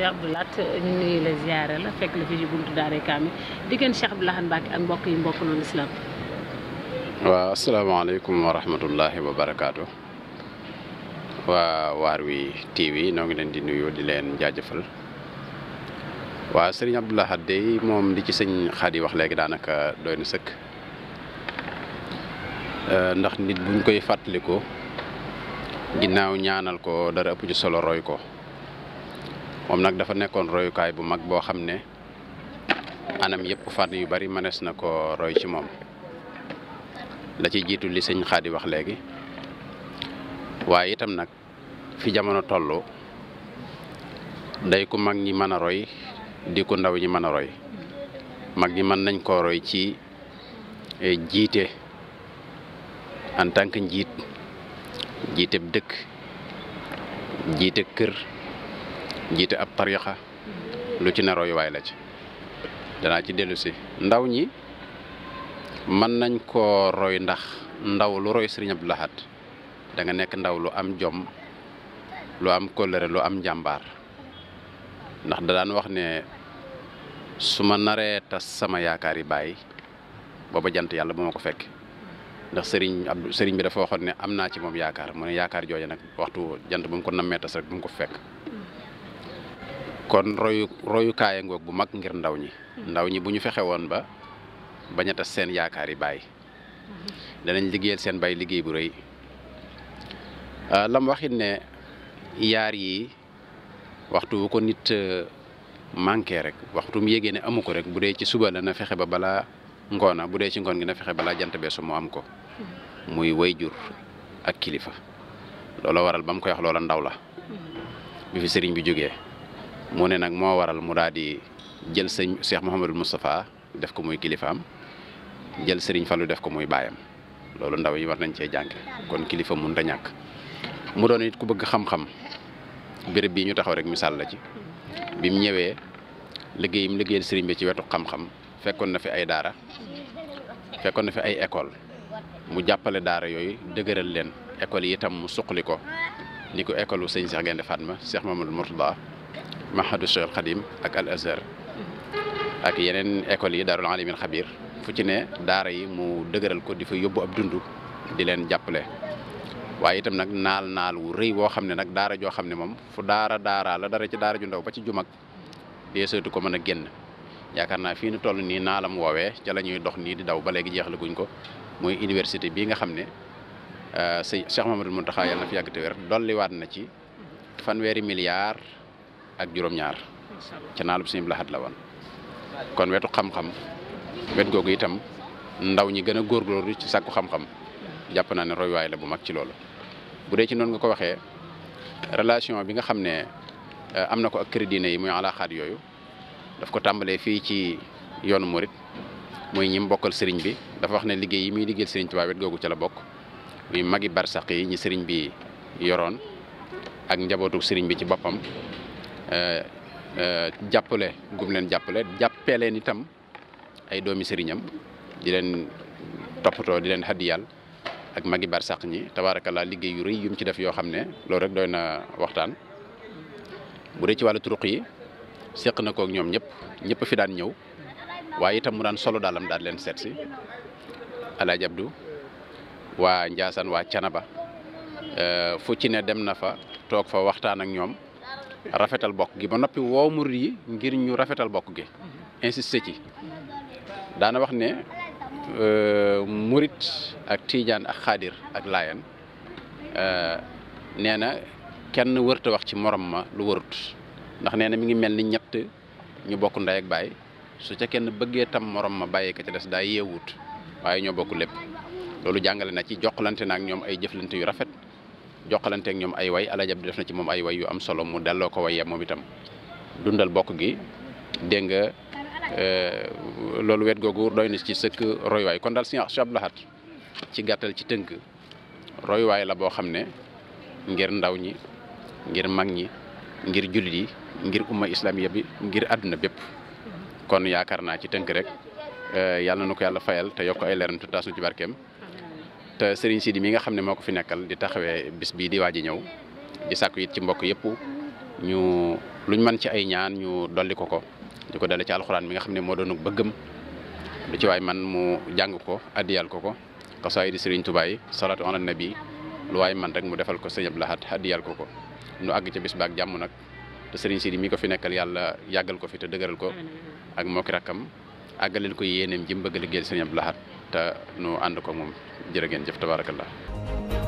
Cheikh Abdou Lahat la ziyaare la fekk la fi ci buntu Daaray Kaamil diggante Cheikh Abdou Lahat mbokk yi mbokk noonu islam. waaw asalaamaaleykum wa rahmatullahi wa barakaatu. waa waar wi TV noo ngi leen di nuyu di leen jaajëfal. waa sëriñ Abdou Lahat day moom li ci sëñ Xaadi wax léegi daanaka doy na sëkk. Euh, ndax nit buñ koy fàttaliku ginnaaw ñaanal ko dara ëpp ci solo roy ko. moom nag dafa nekkoon royukaay bu mag boo xam ne anam yëpp fànn yu bari mënees na koo roy ci moom la ci jiitu li sëñ di wax léegi waaye itam nag fi jamono toll day ku mag ñi mën a roy di ku ndaw ñi mën a roy mag ñi mën nañ koo roy ci e, jiite en tant que njiit jiiteb dëkk jiite kër njiite ab tarixa lu ci ne waay la ci danaa ci dellusi ndaw ñi mën nañ koo roy ndax ndaw lu roy Sëriñ Abdou Lahad da nekk ndaw lu am jom lu am kóllëre lu am njàmbaar ndax da daan wax ne su ma naree tas sama yaakaar yi baay booba jant yàlla bu ma ko fekk ndax sëriñ Abdou sëriñ bi dafa waxoon ne am naa ci moom yaakaar mu yaakaar jooja nag waxtu jant bu mu ko nammee tas rek bu mu ko fekk kon royu royukaaya ngoog bu mag ngir ndaw ñi ndaw ñi bu ñu fexe woon ba bañ a seen yaakaar yi bàyyi danañ liggéeyal seen bay liggéey bu rëy lam waxit ne yaar yi waxtu wu ko nit euh, manqué rek waxtu mu yégee ne amu ko rek bu dee ci suba la na fexe ba balaa ngoona bu dee ci ngoon gi na fexe balaa jant beesu mu am ko muy jur ak kilifa loola waral ba mu koy wax loola ndaw la bi fi sëriñ bi jógee mu ne nag moo waral mu daal di jël sëñ Cheikh Mouhamadul Moustapha def ko muy kilifaam jël sëriñ falu def ko muy baayam loolu ndaw yi war nañ cee jànge kon kilifa mun a ñàkk mu doon it ku bëgg xam-xam béréb bii ñu taxaw rek misaal la ci bi mu ñëwee liggéey mu liggéeyal sëriñ bi ci wetu xam-xam fekkoon na fi ay daara fekkoon na fi ay école mu jàppale daara yooyu dëgërël leen école yi itam mu suqali ko ni ko école wu sëñ Cheikh Gaynde Fatma Cheikh Mamadou Mourtada Mahadou Cheikh Khadim ak Al Azhar ak yeneen écoles yi Daarul Alimil Xabir fu ci ne daara yi mu dëgëral ko di fa yóbbu ab dund di leen jàppale waaye itam nag naal naal wu rëy woo xam ne nag daara joo xam ne moom fu daara daaraa la dara ci daara ju ndaw ba ci jumag dee seetu ko mën a génn yaakaar naa fi nu toll nii naalam woowee ca la ñuy dox nii di daw ba léegi jeexal guñ ko mooy université bii nga xam ne euh, sëñ Cheikh Mamadou Mountakha yàlla na fi yàgg te wér na ci fanweeri milliard ak juróom-ñaar ca naalub Sëñ Abdul Ahad la woon kon wetu xam-xam wet googu itam ndaw ñi gën a góorgóorlu ci sàkku xam-xam jàpp naa ne royuwaay la bu mag ci loolu bu dee ci noonu nga ko waxee relation bi nga xam ne eh, am na ko ak kër diine yi muy alaaxaat yooyu daf ko tàmbalee fii ci yoonu murit muy ñi mu bokkal sëriñ bi dafa wax ne liggéey yi muy liggéeyal sëriñ Tuubaa wet googu ca la bokk muy magi barsaq yi ñi sëriñ bi yoroon ak njabootu sëriñ bi ci boppam Euh, euh, jàppale gum leen jàppale jàppee leen itam ay doomi sëriñam di leen toppatoo di leen hadiyal ak magi bar sàq ñi tabaarakallaa liggéey yu rëy yum ci def yoo xam ne loolu rek doy na waxtaan bu dee ci wàllu turuq yi seq na kook ñoom ñëpp ñëpp fi daan ñëw waaye itam mu daan solo daalam daal leen seet si Alaaji Abdu waa Njaasaan waa Canaba euh, fu ci ne dem na fa toog fa waxtaan ak ñoom rafetal bokk gi ba noppi woo murid yi ngir ñu rafetal bokk gi insisté ci daana wax ne euh, murit ak tiijaan ak xaadir ak laayan euh, nee na kenn wërta wax ci morom ma lu warut ndax nee mu ngi mel ni ñett ñu bokk ndey ak baay su ca kenn bëggee tam morom ma bàyyi ka ca des daa yeewut waaye ñoo bokk lépp loolu jàngale na ci jokkalante na ak ñoom ay jëflante yu rafet joxalanteeg ñoom ay way alaaji Abdou def na ci moom ay way yu am solo mu delloo ko way ya moom itam dundal bokk gi dégg nga euh, loolu wet googu doy na ci sëkk royuwaay kon daal si Abdou Lahad ci gàttal ci tënk royuwaay la boo xam ne ngir ndaw ñi ngir mag ñi ngir jullit yi ngir umma islamiya bi ngir àdduna bépp kon yaakaar naa ci tënk rek euh, yàlla na ko yàlla fayal te yokk ay leeram te taas nu ci barkeem te uh, Serigne Sidi mi nga xam ne moo ko fi nekkal di taxawee bis bii di waaj a ñëw di sàkku it ci mbokk yëpp ñu lu ñu mën ci ay ñaan ñu dolli ko ko di ko dale ci alxuraan mi nga xam ne moo doon bëggam lu ci waay man mu jàng ko addiyal ko ko xasaay di Serigne Touba yi salaatu ala nabi lu waay man rek mu defal ko sëñ Abdou Lahad ko ko nu àgg ca bis baak jàmm nag te Serigne Sidi mi ko fi nekkal yàlla yàggal ko fi te dëgëral ko ak mbokki rakkam àggaleel ko yéeneem ji mu bëgg liggéeyal te nu ànd ko moom jërë ngeen jëf